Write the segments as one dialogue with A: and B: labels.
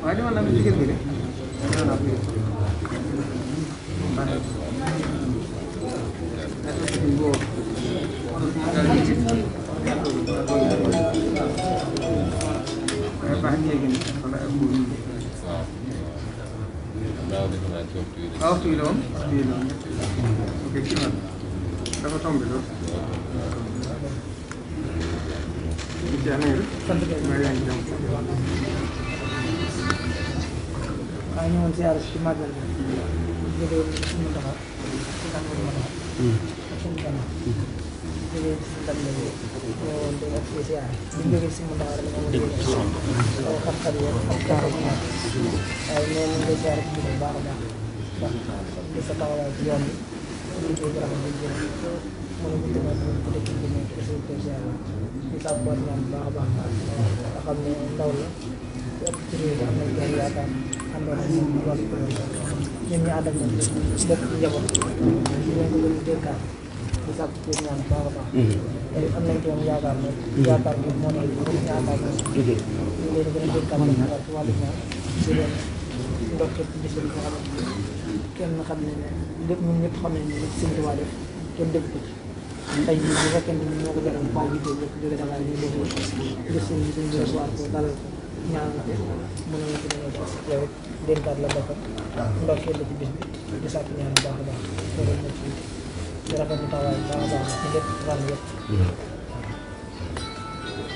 A: Wali mana mikir gini? Auf die Lohn? Die Lohn. Okay, prima. Dafa tombe lo. Ci anel. Ma yaa ngi dem. Ay ñu ci arrêté magal. jógee suñu doxal ci kan wër ma doxal. ak suñu gànnaaw. jógee si ndam la ñu ñëwoon di ak si ziar. bu ñu jógee si mu daara la ñu mën a jógee si kaw xam-xam yi ak taar bu nekk. waaye nee nañ la ziar bu baax a baax ndax di sa taxawaay ci yoon bi liggéey bu rafet bi jël mën a ko demal ko dëkk bi nekk aussi ko ziar di sàppoon ñaan bu baax a baax nga xam ne ndaw la yëpp ci réew mi am nañ benn yaakaar àndoon ak ñoom ñu doon ñoom ñu ànd ak ñoom dëkk njaboot ñu leen ko doon dénkaat di sàkk ci ñaan baax a baax tey am nañ ci moom yaakaar moom yaakaar moom moo nekk ñu leen yaakaar moom ñu leen gën a dénkaat moom ci wàllu ñaan di leen ndokkee ci bis bi nga xam ne kenn xam ne lépp ñun ñëpp xam ne ñu sëñ Tuubaa def kenn dégg ko ci tey jii bu fekkente ni ñoo ko jaral ba ñu jóge jóge Dakar ñu déglu gis suñu suñu dalal ko ñaan ko mën a yow dénkaat la boppam ndokkeel la bu baax a baax loolu moo ci yitte di rafetlu baax a baax ci lépp ran yëpp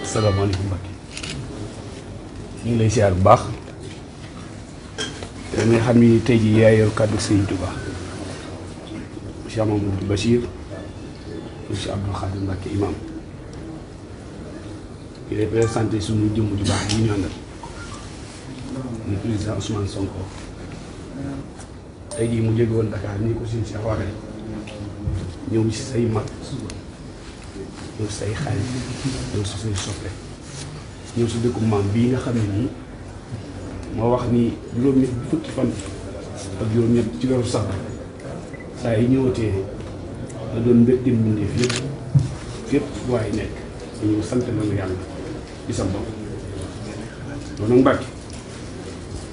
A: asalaamaaleykum Mbacke ñu ngi lay siyaar bu baax da nga xam ni tey jii yaa yor kàddu Sëriñ Tuubaa ju baax ñu ñu àndal le président Ousmane Sonko tey jii mu jóge woon Dakar ni ko suñu Cheikh waxee ñëw si say mag ñëw si say xarit ñëw si say soppe ñëw si dëkku maam bii nga xam ne nii moo wax ni juróom-ñett fukki fan ak juróom-ñett ci weeru sax saa yi ñëwatee nga doon mbégte mbindeef yëpp fépp waaye nekk dañu sant nañu yàlla ci sa bopp loolu nag Mbàkke